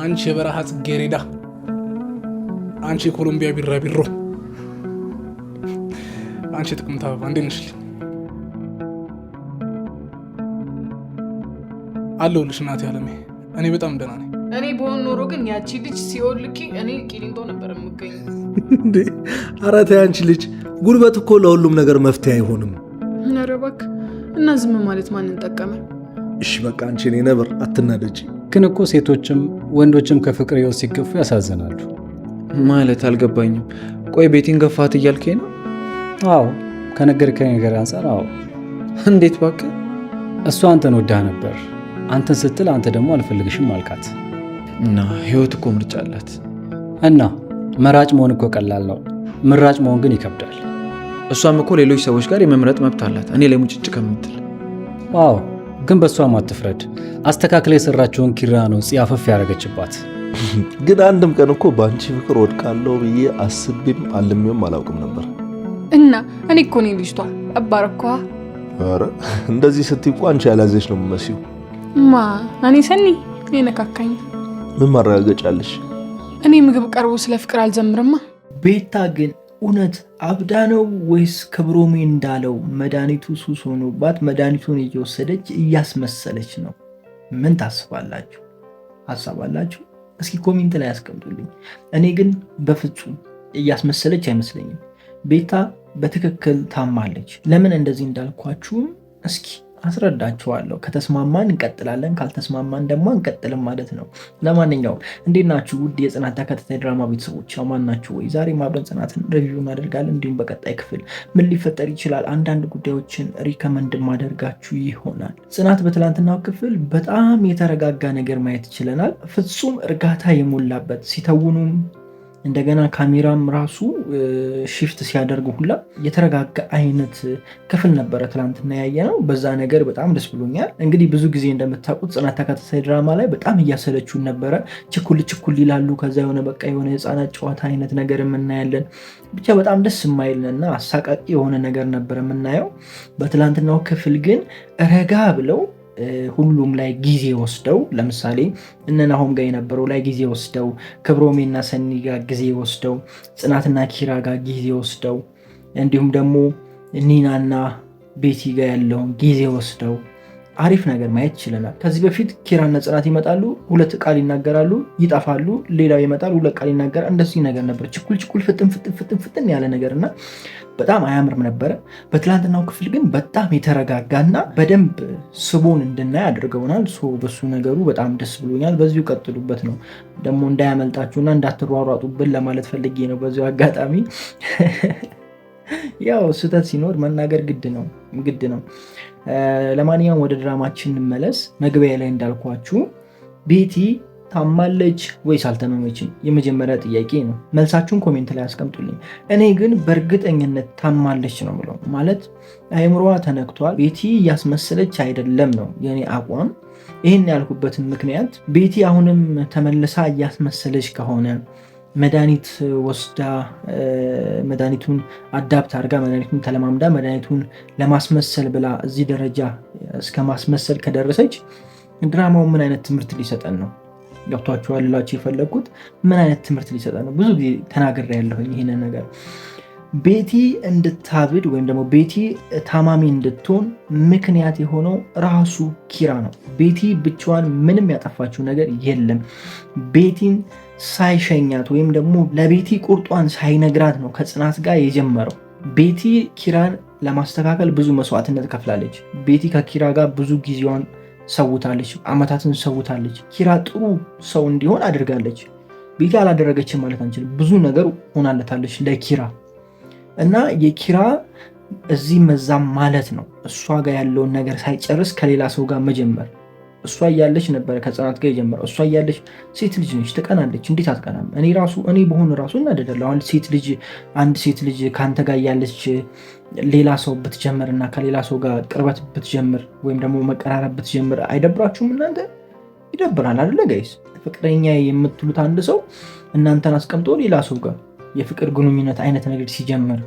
አንቺ የበረሃ ጽጌሬዳ፣ አንቺ የኮሎምቢያ ቢራቢሮ፣ አንቺ የጥቅምት አበባ እንዴት ነሽ? አለሁልሽ እናቴ አለሜ። እኔ በጣም ደህና ነኝ። እኔ በሆን ኖሮ ግን ያቺ ልጅ ሲሆን ልኪ እኔ ቂሊንጦ ነበር የምገኝ። እንዴ ኧረ ተይ አንቺ ልጅ፣ ጉልበት እኮ ለሁሉም ነገር መፍትሄ አይሆንም። ኧረ እባክህ እና ዝም ማለት ማንን ጠቀመ? እሺ በቃ አንቺ እኔ ነበር አትናደጂ። ግን እኮ ሴቶችም ወንዶችም ከፍቅር ህይወት ሲገፉ ያሳዝናሉ። ማለት አልገባኝም። ቆይ ቤቲን ገፋት እያልከኝ ነው? አዎ ከነገርከኝ ነገር አንጻር አዎ። እንዴት እባክህ? እሷ አንተን ወዳህ ነበር። አንተን ስትል አንተ ደግሞ አልፈልግሽም አልካት እና ህይወት እኮ ምርጫ አላት እና መራጭ መሆን እኮ ቀላል ነው፣ ምራጭ መሆን ግን ይከብዳል። እሷም እኮ ሌሎች ሰዎች ጋር የመምረጥ መብት አላት እኔ ላይ ሙጭጭ ከምትል። አዎ ግን በእሷም አትፍረድ። አስተካክላ የሰራችውን ኪራ ነው ጽ አፈፍ ያደረገችባት። ግን አንድም ቀን እኮ በአንቺ ፍቅር ወድቃለሁ ብዬ አስቤም አልሜውም አላውቅም ነበር። እና እኔ እኮ እኔ ልጅቷ አባረኳ። ኧረ እንደዚህ ስትይ እኮ አንቺ ያላዘች ነው የምትመስዪው። ማ እኔ ሰኒ የነካካኝ ምን ማረጋገጫ እኔ ምግብ ቀርቦ ስለ ፍቅር አልዘምርማ። ቤታ ግን እውነት አብዳ ነው ወይስ ክብሮሜ እንዳለው መድኃኒቱ ሱስ ሆኖባት መድኃኒቱን እየወሰደች እያስመሰለች ነው? ምን ታስባላችሁ? ሀሳባላችሁ? እስኪ ኮሜንት ላይ ያስቀምጡልኝ። እኔ ግን በፍጹም እያስመሰለች አይመስለኝም። ቤታ በትክክል ታማለች። ለምን እንደዚህ እንዳልኳችሁም እስኪ አስረዳችኋለሁ። ከተስማማን እንቀጥላለን፣ ካልተስማማን ደግሞ አንቀጥልም ማለት ነው። ለማንኛውም እንዴት ናችሁ ውድ የጽናት ተከታታይ ድራማ ቤተሰቦች አማን ናችሁ ወይ? ዛሬ ማብረን ጽናትን ሪቪው እናደርጋለን። እንዲሁም በቀጣይ ክፍል ምን ሊፈጠር ይችላል አንዳንድ ጉዳዮችን ሪከመንድ ማደርጋችሁ ይሆናል። ጽናት በትላንትናው ክፍል በጣም የተረጋጋ ነገር ማየት ይችለናል። ፍጹም እርጋታ የሞላበት ሲተውኑም እንደገና ካሜራም ራሱ ሽፍት ሲያደርግ ሁላ የተረጋጋ አይነት ክፍል ነበረ ትላንትና ያየ ነው። በዛ ነገር በጣም ደስ ብሎኛል። እንግዲህ ብዙ ጊዜ እንደምታውቁት ጽናት ተከታታይ ድራማ ላይ በጣም እያሰለችውን ነበረ። ችኩል ችኩል ይላሉ። ከዛ የሆነ በቃ የሆነ የህፃናት ጨዋታ አይነት ነገር የምናያለን። ብቻ በጣም ደስ እና አሳቃቂ የሆነ ነገር ነበር የምናየው። በትላንትናው ክፍል ግን ረጋ ብለው ሁሉም ላይ ጊዜ ወስደው ለምሳሌ እነ ናሆም ጋር የነበረው ላይ ጊዜ ወስደው ክብሮሜና ሰኒ ጋር ጊዜ ወስደው ጽናትና ኪራ ጋር ጊዜ ወስደው እንዲሁም ደግሞ ኒናና ቤቲ ጋር ያለውን ጊዜ ወስደው አሪፍ ነገር ማየት ችለናል። ከዚህ በፊት ኪራና ጽናት ይመጣሉ፣ ሁለት ቃል ይናገራሉ፣ ይጠፋሉ። ሌላው ይመጣል፣ ሁለት ቃል ይናገራል። እንደዚህ ነገር ነበር። ችኩል ችኩል፣ ፍጥን ፍጥን ፍጥን ፍጥን ያለ ነገር እና በጣም አያምርም ነበረ። በትላንትናው ክፍል ግን በጣም የተረጋጋና በደንብ ስቦን እንድናይ አድርገውናል። በሱ ነገሩ በጣም ደስ ብሎኛል። በዚሁ ቀጥሉበት ነው ደግሞ እንዳያመልጣችሁና እንዳትሯሯጡብን ለማለት ፈልጌ ነው በዚሁ አጋጣሚ ያው ስህተት ሲኖር መናገር ግድ ነው ግድ ነው። ለማንኛውም ወደ ድራማችን እንመለስ። መግቢያ ላይ እንዳልኳችሁ ቤቲ ታማለች ወይስ አልታመመችም? የመጀመሪያ ጥያቄ ነው። መልሳችሁን ኮሜንት ላይ አስቀምጡልኝ። እኔ ግን በእርግጠኝነት ታማለች ነው ብለው ማለት አይምሯ ተነክቷል። ቤቲ እያስመሰለች አይደለም ነው የኔ አቋም። ይህን ያልኩበትን ምክንያት ቤቲ አሁንም ተመልሳ እያስመሰለች ከሆነ መድኃኒት ወስዳ መድኃኒቱን አዳፕት አድርጋ መድኃኒቱን ተለማምዳ መድኃኒቱን ለማስመሰል ብላ እዚህ ደረጃ እስከ ማስመሰል ከደረሰች ድራማው ምን አይነት ትምህርት ሊሰጠን ነው? ገብቷችኋል ልላችሁ የፈለግኩት ምን አይነት ትምህርት ሊሰጠን ነው? ብዙ ጊዜ ተናግሬ ያለሁኝ ይህንን ነገር ቤቲ እንድታብድ ወይም ደግሞ ቤቲ ታማሚ እንድትሆን ምክንያት የሆነው ራሱ ኪራ ነው። ቤቲ ብቻዋን ምንም ያጠፋችው ነገር የለም። ቤቲን ሳይሸኛት ወይም ደግሞ ለቤቲ ቁርጧን ሳይነግራት ነው ከጽናት ጋር የጀመረው። ቤቲ ኪራን ለማስተካከል ብዙ መስዋዕትነት ከፍላለች። ቤቲ ከኪራ ጋር ብዙ ጊዜዋን ሰውታለች፣ አመታትን ሰውታለች። ኪራ ጥሩ ሰው እንዲሆን አድርጋለች። ቤቲ አላደረገችም ማለት አንችልም። ብዙ ነገር ሆናለታለች ለኪራ እና የኪራ እዚህ መዛም ማለት ነው እሷ ጋር ያለውን ነገር ሳይጨርስ ከሌላ ሰው ጋር መጀመር እሷ እያለች ነበረ ከጽናት ጋር የጀመረው። እሷ እያለች ሴት ልጅ ነች፣ ትቀናለች። እንዴት አትቀናም? እኔ ራሱ እኔ በሆን ራሱ እናደዳለሁ። ሴት ልጅ አንድ ሴት ልጅ ከአንተ ጋር እያለች ሌላ ሰው ብትጀምር እና ከሌላ ሰው ጋር ቅርበት ብትጀምር ወይም ደግሞ መቀራረብ ብትጀምር አይደብራችሁም? እናንተ ይደብራል አይደለ ጋይስ? ፍቅረኛ የምትሉት አንድ ሰው እናንተን አስቀምጦ ሌላ ሰው ጋር የፍቅር ግንኙነት አይነት ነገር ሲጀምር፣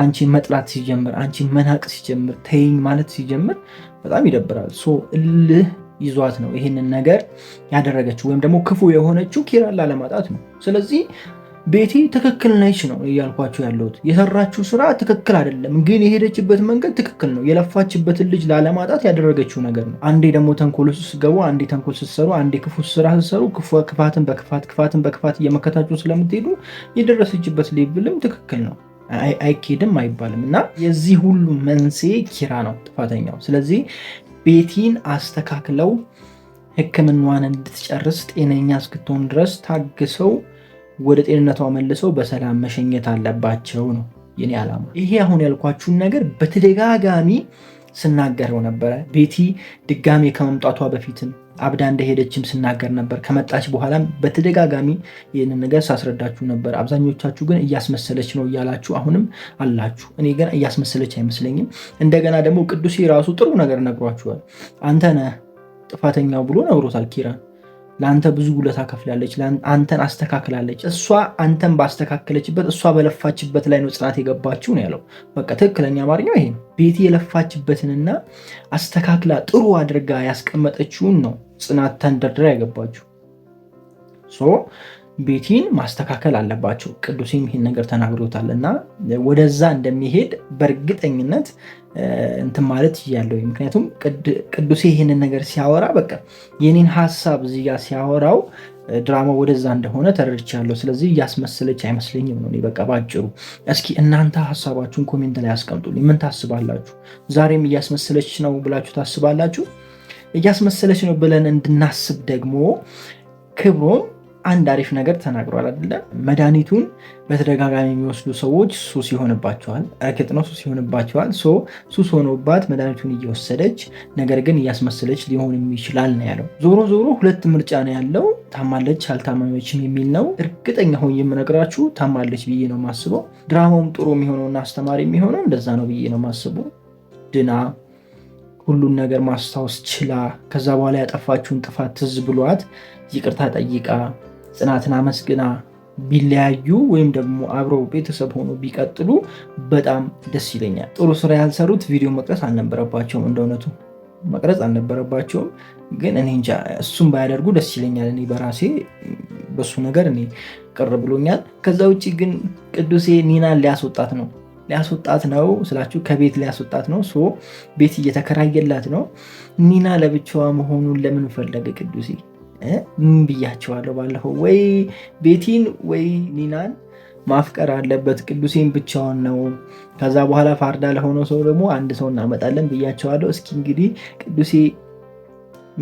አንቺን መጥላት ሲጀምር፣ አንቺን መናቅ ሲጀምር፣ ተይኝ ማለት ሲጀምር በጣም ይደብራል። ሶ እልህ ይዟት ነው ይህንን ነገር ያደረገችው ወይም ደግሞ ክፉ የሆነችው ኪራን ላለማጣት ነው። ስለዚህ ቤቲ ትክክል ነች ነው እያልኳቸው ያለሁት። የሰራችው ስራ ትክክል አይደለም፣ ግን የሄደችበት መንገድ ትክክል ነው። የለፋችበትን ልጅ ላለማጣት ያደረገችው ነገር ነው። አንዴ ደግሞ ተንኮል ስትገቡ፣ አንዴ ተንኮል ስትሰሩ፣ አንዴ ክፉ ስራ ስትሰሩ ክፋትን በክፋት ክፋትን በክፋት እየመከታችሁ ስለምትሄዱ የደረሰችበት ሌብልም ትክክል ነው። አይኬድም አይባልም እና የዚህ ሁሉ መንስኤ ኪራ ነው ጥፋተኛው። ስለዚህ ቤቲን አስተካክለው ህክምናዋን እንድትጨርስ ጤነኛ እስክትሆን ድረስ ታግሰው ወደ ጤንነቷ መልሰው በሰላም መሸኘት አለባቸው ነው የኔ ዓላማ። ይሄ አሁን ያልኳችሁን ነገር በተደጋጋሚ ስናገረው ነበረ። ቤቲ ድጋሜ ከመምጣቷ በፊትም አብዳ እንደሄደችም ስናገር ነበር። ከመጣች በኋላም በተደጋጋሚ ይህን ነገር ሳስረዳችሁ ነበር። አብዛኞቻችሁ ግን እያስመሰለች ነው እያላችሁ አሁንም አላችሁ። እኔ ግን እያስመሰለች አይመስለኝም። እንደገና ደግሞ ቅዱሴ ራሱ ጥሩ ነገር ነግሯችኋል። አንተ ነህ ጥፋተኛው ብሎ ነግሮታል ኪራን ለአንተ ብዙ ውለታ ከፍላለች፣ አንተን አስተካክላለች። እሷ አንተን ባስተካከለችበት እሷ በለፋችበት ላይ ነው ጽናት የገባችው ነው ያለው። በቃ ትክክለኛ አማርኛው ይሄ ቤቲ የለፋችበትንና አስተካክላ ጥሩ አድርጋ ያስቀመጠችውን ነው ጽናት ተንደርድራ ያገባችሁ ሶ ቤቲን ማስተካከል አለባቸው። ቅዱሴም ይሄን ነገር ተናግሮታል እና ወደዛ እንደሚሄድ በእርግጠኝነት እንትን ማለት እያለው። ምክንያቱም ቅዱሴ ይህንን ነገር ሲያወራ በቃ የኔን ሀሳብ እዚያ ሲያወራው ድራማ ወደዛ እንደሆነ ተረድቻለሁ። ስለዚህ እያስመሰለች አይመስለኝም ነው በቃ ባጭሩ። እስኪ እናንተ ሀሳባችሁን ኮሜንት ላይ አስቀምጡልኝ። ምን ታስባላችሁ? ዛሬም እያስመሰለች ነው ብላችሁ ታስባላችሁ? እያስመሰለች ነው ብለን እንድናስብ ደግሞ ክብሮም አንድ አሪፍ ነገር ተናግሯል አይደለ? መድኃኒቱን በተደጋጋሚ የሚወስዱ ሰዎች ሱስ ይሆንባቸዋል። እርግጥ ነው ሱስ ይሆንባቸዋል። ሶ ሱስ ሆኖባት መድኃኒቱን እየወሰደች ነገር ግን እያስመሰለች ሊሆንም ይችላል ነው ያለው። ዞሮ ዞሮ ሁለት ምርጫ ነው ያለው፣ ታማለች አልታመመችም የሚል ነው። እርግጠኛ ሆኜ የምነግራችሁ ታማለች ብዬ ነው የማስበው። ድራማውም ጥሩ የሚሆነውና አስተማሪ የሚሆነው እንደዛ ነው ብዬ ነው ማስበው። ድና ሁሉን ነገር ማስታወስ ችላ ከዛ በኋላ ያጠፋችውን ጥፋት ትዝ ብሏት ይቅርታ ጠይቃ ጽናትን አመስግና ቢለያዩ ወይም ደግሞ አብረው ቤተሰብ ሆኖ ቢቀጥሉ በጣም ደስ ይለኛል። ጥሩ ስራ ያልሰሩት ቪዲዮ መቅረጽ አልነበረባቸውም፣ እንደ እውነቱ መቅረጽ አልነበረባቸውም። ግን እኔ እንጃ እሱም ባያደርጉ ደስ ይለኛል። እኔ በራሴ በሱ ነገር እኔ ቅር ብሎኛል። ከዛ ውጭ ግን ቅዱሴ ኒናን ሊያስወጣት ነው ሊያስወጣት ነው ስላችሁ ከቤት ሊያስወጣት ነው። ሶ ቤት እየተከራየላት ነው። ኒና ለብቻዋ መሆኑን ለምን ፈለገ? ቅዱሴ ምን ብያቸዋለሁ ባለፈው? ወይ ቤቲን ወይ ኒናን ማፍቀር አለበት። ቅዱሴን ብቻውን ነው። ከዛ በኋላ ፋርዳ ለሆነው ሰው ደግሞ አንድ ሰው እናመጣለን ብያቸዋለሁ። እስኪ እንግዲህ ቅዱሴ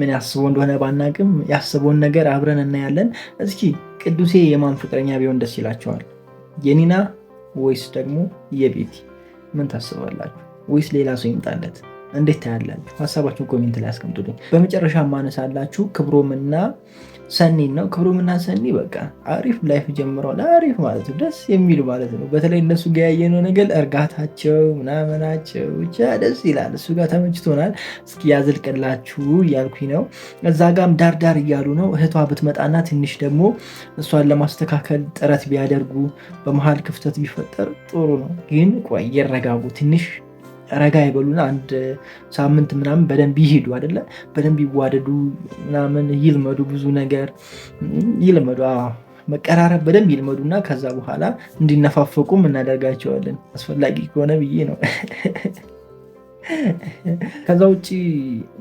ምን ያስበው እንደሆነ ባናቅም ያስበውን ነገር አብረን እናያለን። እስኪ ቅዱሴ የማን ፍቅረኛ ቢሆን ደስ ይላቸዋል? የኒና ወይስ ደግሞ የቤቲ? ምን ታስባላችሁ? ወይስ ሌላ ሰው ይምጣለት? እንዴት ታያላችሁ? ሀሳባችሁን ኮሜንት ላይ አስቀምጡልኝ። በመጨረሻ ማነሳላችሁ ክብሮምና ሰኒን ነው ክብሩም እና ሰኒ በቃ አሪፍ ላይፍ ጀምረዋል። አሪፍ ማለት ነው፣ ደስ የሚል ማለት ነው። በተለይ እነሱ ጋር ያየነው ነገር እርጋታቸው ምናምናቸው ብቻ ደስ ይላል። እሱ ጋር ተመችቶናል። እስኪ ያዘልቅላችሁ እያልኩኝ ነው። እዛ ጋም ዳርዳር እያሉ ነው። እህቷ ብትመጣና ትንሽ ደግሞ እሷን ለማስተካከል ጥረት ቢያደርጉ በመሀል ክፍተት ቢፈጠር ጥሩ ነው። ግን ቆይ ይረጋጉ ትንሽ ረጋ ይበሉና አንድ ሳምንት ምናምን በደንብ ይሄዱ አይደለ? በደንብ ይዋደዱ ምናምን ይልመዱ፣ ብዙ ነገር ይልመዱ፣ መቀራረብ በደንብ ይልመዱና ከዛ በኋላ እንዲነፋፈቁም እናደርጋቸዋለን። አስፈላጊ ከሆነ ብዬ ነው። ከዛ ውጭ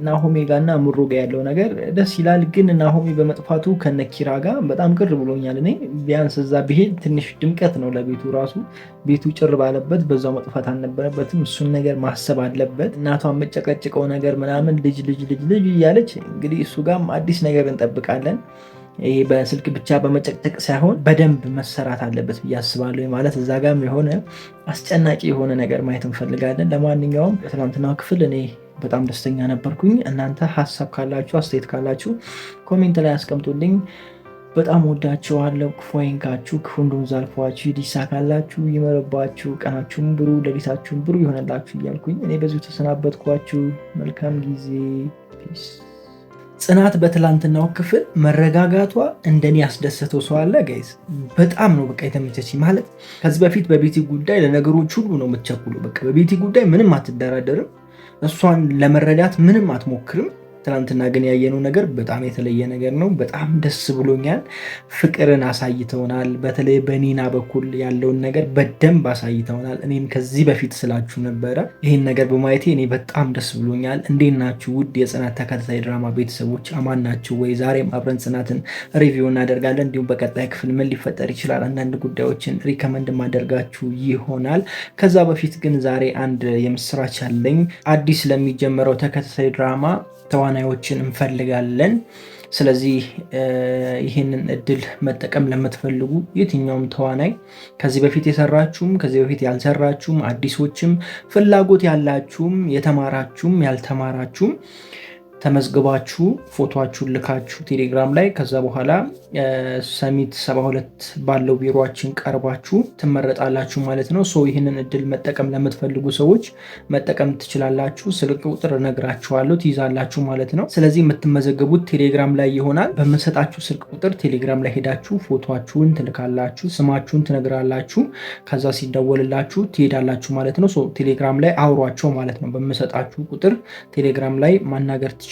ናሆሜ ጋ እና ምሮ ጋ ያለው ነገር ደስ ይላል፣ ግን ናሆሜ በመጥፋቱ ከነኪራ ጋር በጣም ቅር ብሎኛል። እኔ ቢያንስ እዛ ብሄድ ትንሽ ድምቀት ነው ለቤቱ ራሱ። ቤቱ ጭር ባለበት በዛው መጥፋት አልነበረበትም። እሱን ነገር ማሰብ አለበት። እናቷን መጨቀጭቀው ነገር ምናምን ልጅ ልጅ ልጅ ልጅ እያለች እንግዲህ እሱ ጋም አዲስ ነገር እንጠብቃለን። ይሄ በስልክ ብቻ በመጨቅጨቅ ሳይሆን በደንብ መሰራት አለበት ብዬ አስባለሁ። ማለት እዛ ጋም የሆነ አስጨናቂ የሆነ ነገር ማየት እንፈልጋለን። ለማንኛውም ትናንትናው ክፍል እኔ በጣም ደስተኛ ነበርኩኝ። እናንተ ሀሳብ ካላችሁ አስተያየት ካላችሁ ኮሜንት ላይ አስቀምጡልኝ። በጣም ወዳችኋለሁ። ክፉ አይንካችሁ፣ ክፉ እንዳይዛልፋችሁ፣ ይሳካላችሁ፣ ይመረባችሁ፣ ቀናችሁም ብሩ ሌሊታችሁም ብሩ ይሆነላችሁ እያልኩኝ እኔ በዚሁ ተሰናበትኳችሁ። መልካም ጊዜ ፒስ ጽናት በትላንትናው ክፍል መረጋጋቷ እንደኔ ያስደሰተው ሰው አለ ጋይዝ? በጣም ነው በቃ የተመቸች ማለት። ከዚህ በፊት በቤቲ ጉዳይ ለነገሮች ሁሉ ነው የምትቸኩለው። በቃ በቤቲ ጉዳይ ምንም አትደራደርም። እሷን ለመረዳት ምንም አትሞክርም። ትናንትና ግን ያየነው ነገር በጣም የተለየ ነገር ነው። በጣም ደስ ብሎኛል። ፍቅርን አሳይተውናል። በተለይ በኒና በኩል ያለውን ነገር በደንብ አሳይተውናል። እኔም ከዚህ በፊት ስላችሁ ነበረ። ይህን ነገር በማየቴ እኔ በጣም ደስ ብሎኛል። እንዴት ናችሁ ውድ የጽናት ተከታታይ ድራማ ቤተሰቦች፣ አማን ናችሁ ወይ? ዛሬም አብረን ጽናትን ሪቪው እናደርጋለን። እንዲሁም በቀጣይ ክፍል ምን ሊፈጠር ይችላል አንዳንድ ጉዳዮችን ሪከመንድ ማደርጋችሁ ይሆናል። ከዛ በፊት ግን ዛሬ አንድ የምስራች አለኝ አዲስ ለሚጀመረው ተከታታይ ድራማ ተዋናዮችን እንፈልጋለን። ስለዚህ ይህንን እድል መጠቀም ለምትፈልጉ የትኛውም ተዋናይ ከዚህ በፊት የሰራችሁም ከዚህ በፊት ያልሰራችሁም አዲሶችም ፍላጎት ያላችሁም የተማራችሁም ያልተማራችሁም ተመዝግባችሁ ፎቶችሁን ልካችሁ ቴሌግራም ላይ ከዛ በኋላ ሰሚት 72 ባለው ቢሮችን ቀርባችሁ ትመረጣላችሁ ማለት ነው። ሰው ይህንን እድል መጠቀም ለምትፈልጉ ሰዎች መጠቀም ትችላላችሁ። ስልክ ቁጥር እነግራችኋለሁ ትይዛላችሁ ማለት ነው። ስለዚህ የምትመዘገቡት ቴሌግራም ላይ ይሆናል። በምንሰጣችሁ ስልክ ቁጥር ቴሌግራም ላይ ሄዳችሁ ፎቶችሁን ትልካላችሁ፣ ስማችሁን ትነግራላችሁ። ከዛ ሲደወልላችሁ ትሄዳላችሁ ማለት ነው። ቴሌግራም ላይ አውሯቸው ማለት ነው። በምሰጣችሁ ቁጥር ቴሌግራም ላይ ማናገር ትችላላችሁ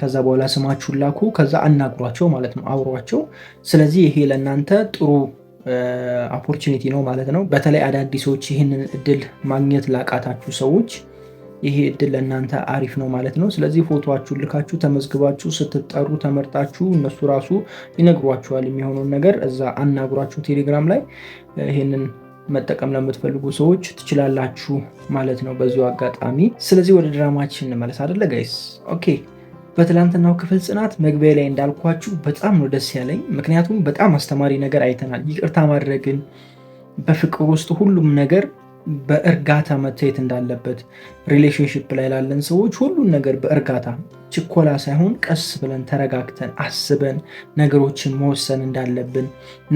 ከዛ በኋላ ስማችሁን ላኩ። ከዛ አናግሯቸው ማለት ነው፣ አውሯቸው። ስለዚህ ይሄ ለእናንተ ጥሩ ኦፖርቹኒቲ ነው ማለት ነው። በተለይ አዳዲሶች ይህንን እድል ማግኘት ላቃታችሁ ሰዎች ይሄ እድል ለእናንተ አሪፍ ነው ማለት ነው። ስለዚህ ፎቶችሁን ልካችሁ ተመዝግባችሁ ስትጠሩ ተመርጣችሁ እነሱ ራሱ ይነግሯችኋል የሚሆነውን ነገር እዛ አናግሯችሁ ቴሌግራም ላይ ይህንን መጠቀም ለምትፈልጉ ሰዎች ትችላላችሁ ማለት ነው በዚሁ አጋጣሚ። ስለዚህ ወደ ድራማችን እንመለስ አደለ ጋይስ? ኦኬ በትላንትናው ክፍል ጽናት መግቢያ ላይ እንዳልኳችሁ በጣም ነው ደስ ያለኝ። ምክንያቱም በጣም አስተማሪ ነገር አይተናል። ይቅርታ ማድረግን፣ በፍቅር ውስጥ ሁሉም ነገር በእርጋታ መታየት እንዳለበት፣ ሪሌሽንሽፕ ላይ ላለን ሰዎች ሁሉን ነገር በእርጋታ ችኮላ ሳይሆን ቀስ ብለን ተረጋግተን አስበን ነገሮችን መወሰን እንዳለብን፣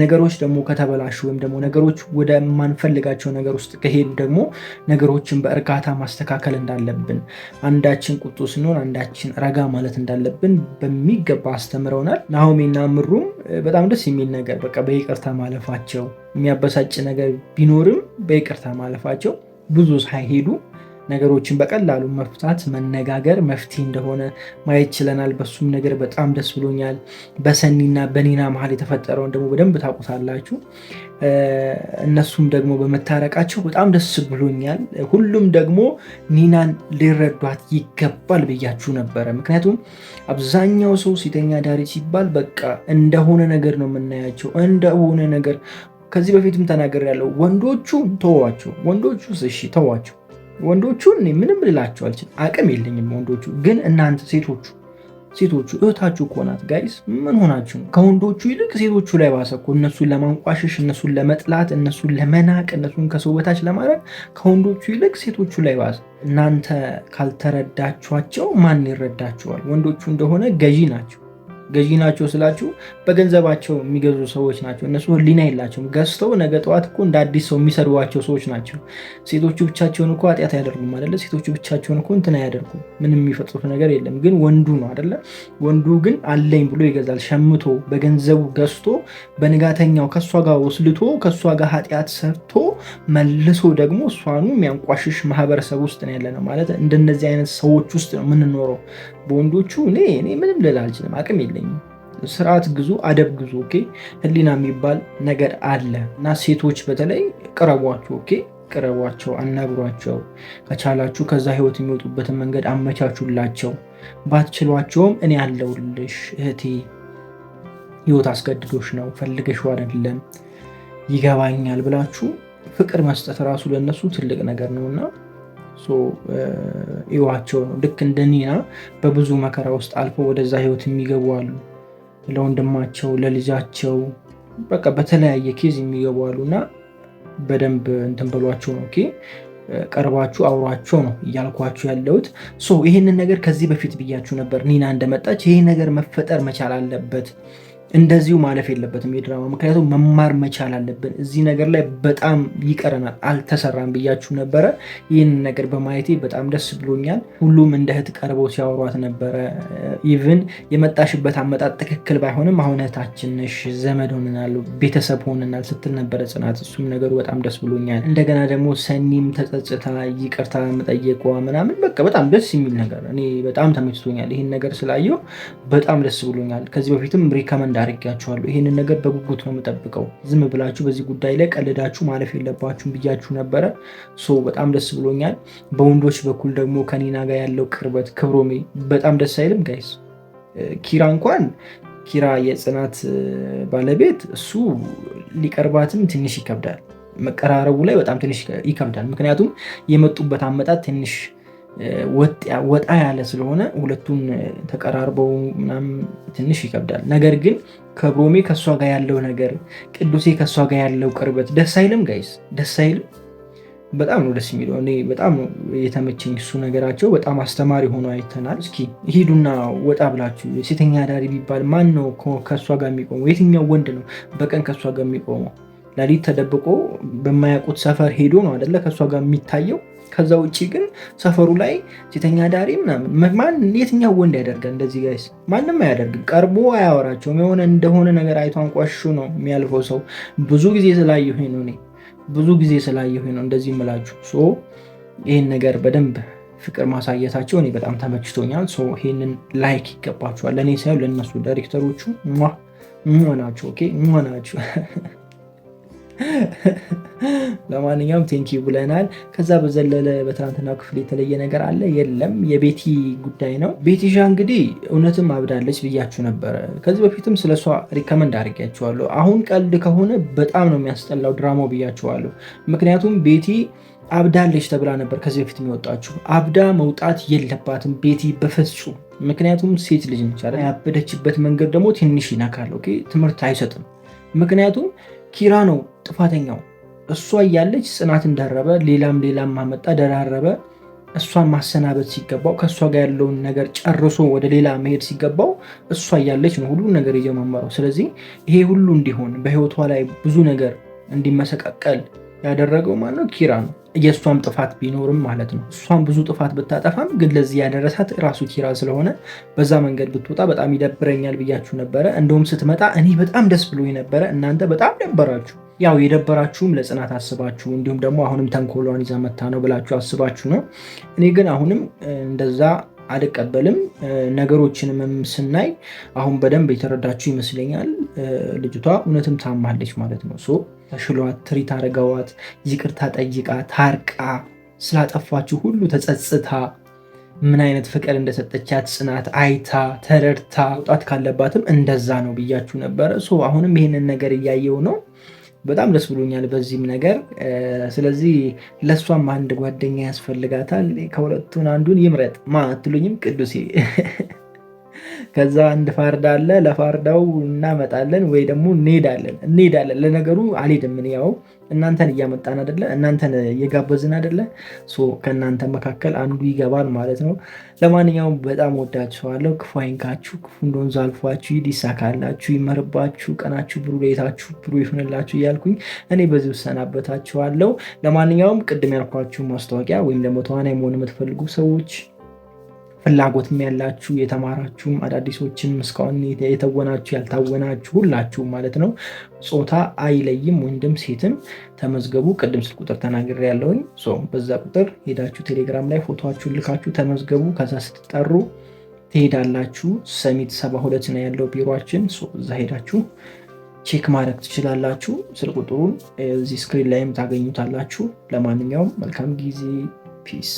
ነገሮች ደግሞ ከተበላሹ ወይም ደግሞ ነገሮች ወደማንፈልጋቸው ነገር ውስጥ ከሄዱ ደግሞ ነገሮችን በእርጋታ ማስተካከል እንዳለብን፣ አንዳችን ቁጡ ስንሆን አንዳችን ረጋ ማለት እንዳለብን በሚገባ አስተምረውናል። ናሆሜና ምሩም በጣም ደስ የሚል ነገር በቃ በይቅርታ ማለፋቸው የሚያበሳጭ ነገር ቢኖርም በይቅርታ ማለፋቸው ብዙ ሳይሄዱ ነገሮችን በቀላሉ መፍታት መነጋገር መፍትሄ እንደሆነ ማየት ችለናል። በሱም ነገር በጣም ደስ ብሎኛል። በሰኒና በኒና መሀል የተፈጠረውን ደግሞ በደንብ ታውቁታላችሁ። እነሱም ደግሞ በመታረቃቸው በጣም ደስ ብሎኛል። ሁሉም ደግሞ ኒናን ሊረዷት ይገባል ብያችሁ ነበረ። ምክንያቱም አብዛኛው ሰው ሴተኛ አዳሪ ሲባል በቃ እንደሆነ ነገር ነው የምናያቸው እንደሆነ ነገር ከዚህ በፊትም ተናገር ያለው ወንዶቹ ተዋቸው፣ ወንዶቹ እሺ ተዋቸው ወንዶቹን ምንም ልላቸው አልችል፣ አቅም የለኝም። ወንዶቹ ግን እናንተ ሴቶቹ ሴቶቹ እህታችሁ ከሆናት ጋይስ ምን ሆናችሁ ነው? ከወንዶቹ ይልቅ ሴቶቹ ላይ ባሰኮ። እነሱን ለማንቋሸሽ፣ እነሱን ለመጥላት፣ እነሱን ለመናቅ፣ እነሱን ከሰው በታች ለማድረግ ከወንዶቹ ይልቅ ሴቶቹ ላይ ባሰ። እናንተ ካልተረዳችኋቸው ማን ይረዳችኋል? ወንዶቹ እንደሆነ ገዢ ናቸው። ገዢ ናቸው ስላችሁ በገንዘባቸው የሚገዙ ሰዎች ናቸው። እነሱ ህሊና የላቸውም። ገዝተው ነገ ጠዋት እኮ እንደ አዲስ ሰው የሚሰድቧቸው ሰዎች ናቸው። ሴቶቹ ብቻቸውን እኮ ኃጢአት አያደርጉም አይደለ? ሴቶቹ ብቻቸውን እኮ እንትን አያደርጉም። ምንም የሚፈጥሩት ነገር የለም። ግን ወንዱ ነው አይደለ? ወንዱ ግን አለኝ ብሎ ይገዛል። ሸምቶ በገንዘቡ ገዝቶ በንጋተኛው ከእሷ ጋር ወስልቶ ከእሷ ጋር ኃጢአት ሰርቶ መልሶ ደግሞ እሷኑ የሚያንቋሽሽ ማህበረሰብ ውስጥ ነው ያለ ነው ማለት እንደነዚህ አይነት ሰዎች ውስጥ ነው የምንኖረው። በወንዶቹ እኔ እኔ ምንም ልል አልችልም፣ አቅም የለኝም። ስርዓት ግዙ፣ አደብ ግዙ። ኦኬ ህሊና የሚባል ነገር አለ እና ሴቶች በተለይ ቅረቧቸው። ኦኬ ቅረቧቸው፣ አናግሯቸው። ከቻላችሁ ከዛ ህይወት የሚወጡበትን መንገድ አመቻቹላቸው። ባትችሏቸውም እኔ ያለውልሽ እህቴ፣ ህይወት አስገድዶሽ ነው ፈልገሽ አይደለም ይገባኛል ብላችሁ ፍቅር መስጠት ራሱ ለእነሱ ትልቅ ነገር ነውና እዩዋቸው ነው። ልክ እንደ ኒና በብዙ መከራ ውስጥ አልፎ ወደዛ ህይወት የሚገቡ አሉ። ለወንድማቸው፣ ለልጃቸው በቃ በተለያየ ኬዝ የሚገቡ አሉ እና በደንብ እንትን በሏቸው ነው። ኦኬ ቀርባችሁ አውሯቸው ነው እያልኳችሁ ያለሁት። ይህንን ነገር ከዚህ በፊት ብያችሁ ነበር። ኒና እንደመጣች ይህ ነገር መፈጠር መቻል አለበት እንደዚሁ ማለፍ የለበትም የድራማ ምክንያቱም መማር መቻል አለብን። እዚህ ነገር ላይ በጣም ይቀረናል፣ አልተሰራም ብያችሁ ነበረ። ይህን ነገር በማየቴ በጣም ደስ ብሎኛል። ሁሉም እንደ እህት ቀርበው ሲያወሯት ነበረ። ኢቭን የመጣሽበት አመጣጥ ትክክል ባይሆንም አሁን እህታችን ነሽ፣ ዘመድ ሆነናል፣ ቤተሰብ ሆንናል ስትል ነበረ ጽናት። እሱም ነገሩ በጣም ደስ ብሎኛል። እንደገና ደግሞ ሰኒም ተጸጽታ ይቅርታ መጠየቋ ምናምን በቃ በጣም ደስ የሚል ነገር እኔ በጣም ተመችቶኛል። ይህን ነገር ስላየው በጣም ደስ ብሎኛል። ከዚህ በፊትም ሪከመንድ አድርጊያችኋለሁ። ይህንን ነገር በጉጉት ነው የምጠብቀው። ዝም ብላችሁ በዚህ ጉዳይ ላይ ቀልዳችሁ ማለፍ የለባችሁም ብያችሁ ነበረ። ሰው በጣም ደስ ብሎኛል። በወንዶች በኩል ደግሞ ከኒና ጋር ያለው ቅርበት ክብሮሜ በጣም ደስ አይልም ጋይስ። ኪራ እንኳን ኪራ የጽናት ባለቤት እሱ ሊቀርባትም ትንሽ ይከብዳል። መቀራረቡ ላይ በጣም ትንሽ ይከብዳል። ምክንያቱም የመጡበት አመጣት ትንሽ ወጣ ያለ ስለሆነ ሁለቱን ተቀራርበው ምናምን ትንሽ ይከብዳል። ነገር ግን ከብሮሜ ከእሷ ጋር ያለው ነገር ቅዱሴ ከእሷ ጋር ያለው ቅርበት ደስ አይልም? ጋይስ ደስ አይልም? በጣም ነው ደስ የሚለው። እኔ በጣም የተመቸኝ እሱ ነገራቸው በጣም አስተማሪ ሆኖ አይተናል። እስኪ ሂዱና ወጣ ብላችሁ ሴተኛ አዳሪ ቢባል ማን ነው ከእሷ ጋር የሚቆመው? የትኛው ወንድ ነው በቀን ከእሷ ጋር የሚቆመው? ለሊት ተደብቆ በማያውቁት ሰፈር ሄዶ ነው አደለ ከእሷ ጋር የሚታየው ከዛ ውጭ ግን ሰፈሩ ላይ ሴተኛ ዳሪ ምናምን ማን የትኛው ወንድ ያደርጋል እንደዚህ? ጋይስ ማንም አያደርግም። ቀርቦ አያወራቸውም። የሆነ እንደሆነ ነገር አይቶ አንቋሹ ነው የሚያልፈው ሰው። ብዙ ጊዜ ስላየሁኝ ነው እኔ ብዙ ጊዜ ስላየሁኝ ነው እንደዚህ የምላችሁ። ይህን ነገር በደንብ ፍቅር ማሳየታቸው እኔ በጣም ተመችቶኛል። ይህንን ላይክ ይገባቸዋል። ለእኔ ሳይሆን ለእነሱ ዳይሬክተሮቹ ናቸው ናቸው። ለማንኛውም ቴንኪ ብለናል። ከዛ በዘለለ በትናንትና ክፍል የተለየ ነገር አለ? የለም። የቤቲ ጉዳይ ነው። ቤቲሻ እንግዲህ እውነትም አብዳለች ብያችሁ ነበረ። ከዚህ በፊትም ስለሷ ሪከመንድ አድርጌያችኋለሁ። አሁን ቀልድ ከሆነ በጣም ነው የሚያስጠላው ድራማው ብያችኋለሁ። ምክንያቱም ቤቲ አብዳለች ተብላ ነበር ከዚህ በፊት የሚወጣችሁ። አብዳ መውጣት የለባትም ቤቲ በፍጹም። ምክንያቱም ሴት ልጅ ነች። ያበደችበት መንገድ ደግሞ ትንሽ ይነካል። ትምህርት አይሰጥም። ምክንያቱም ኪራ ነው ጥፋተኛው። እሷ እያለች ጽናትን ደረበ፣ ሌላም ሌላም ማመጣ ደራረበ። እሷን ማሰናበት ሲገባው ከእሷ ጋር ያለውን ነገር ጨርሶ ወደ ሌላ መሄድ ሲገባው እሷ እያለች ነው ሁሉን ነገር እየመመረው። ስለዚህ ይሄ ሁሉ እንዲሆን በህይወቷ ላይ ብዙ ነገር እንዲመሰቃቀል ያደረገው ማነው? ኪራ ነው። የእሷም ጥፋት ቢኖርም ማለት ነው። እሷም ብዙ ጥፋት ብታጠፋም ግን ለዚህ ያደረሳት ራሱ ኪራ ስለሆነ በዛ መንገድ ብትወጣ በጣም ይደብረኛል ብያችሁ ነበረ። እንደውም ስትመጣ እኔ በጣም ደስ ብሎኝ ነበረ። እናንተ በጣም ደበራችሁ። ያው የደበራችሁም ለጽናት አስባችሁ እንዲሁም ደግሞ አሁንም ተንኮሏን ይዛ መታ ነው ብላችሁ አስባችሁ ነው። እኔ ግን አሁንም እንደዛ አልቀበልም። ነገሮችንም ስናይ አሁን በደንብ የተረዳችሁ ይመስለኛል። ልጅቷ እውነትም ታማለች ማለት ነው። ሶ ተሽሏት፣ ትሪት አረጋዋት፣ ይቅርታ ጠይቃ፣ ታርቃ፣ ስላጠፋችሁ ሁሉ ተጸጽታ ምን አይነት ፍቅር እንደሰጠቻት ጽናት አይታ ተረድታ መውጣት ካለባትም እንደዛ ነው ብያችሁ ነበረ። ሶ አሁንም ይሄንን ነገር እያየው ነው በጣም ደስ ብሎኛል በዚህም ነገር። ስለዚህ ለእሷም አንድ ጓደኛ ያስፈልጋታል። ከሁለቱን አንዱን ይምረጥ። ማ አትሉኝም? ቅዱሴ ከዛ አንድ ፋርዳ አለ። ለፋርዳው እናመጣለን ወይ ደግሞ እንሄዳለን። እንሄዳለን ለነገሩ አልሄድም ያው እናንተን እያመጣን አደለ፣ እናንተን እየጋበዝን አደለ። ከእናንተ መካከል አንዱ ይገባል ማለት ነው። ለማንኛውም በጣም ወዳችኋለሁ። ክፉ አይንካችሁ፣ ክፉ እንደሆን ዛልፏችሁ፣ ይድ ይሳካላችሁ፣ ይመርባችሁ፣ ቀናችሁ ብሩ፣ ሌታችሁ ብሩ ይሁንላችሁ እያልኩኝ እኔ በዚህ እሰናበታችኋለሁ። ለማንኛውም ቅድም ያልኳችሁ ማስታወቂያ ወይም ደግሞ ተዋናይ መሆን የምትፈልጉ ሰዎች ፍላጎትም ያላችሁ የተማራችሁም አዳዲሶችም እስካሁን የተወናችሁ ያልታወናችሁ ሁላችሁ ማለት ነው። ጾታ አይለይም፣ ወንድም ሴትም ተመዝገቡ። ቅድም ስልክ ቁጥር ተናግሬ ያለውኝ በዛ ቁጥር ሄዳችሁ ቴሌግራም ላይ ፎቶችሁን ልካችሁ ተመዝገቡ። ከዛ ስትጠሩ ትሄዳላችሁ። ሰሚት ሰባ ሁለት ነው ያለው ቢሮችን። እዛ ሄዳችሁ ቼክ ማድረግ ትችላላችሁ። ስልክ ቁጥሩን እዚህ ስክሪን ላይም ታገኙታላችሁ። ለማንኛውም መልካም ጊዜ ፒስ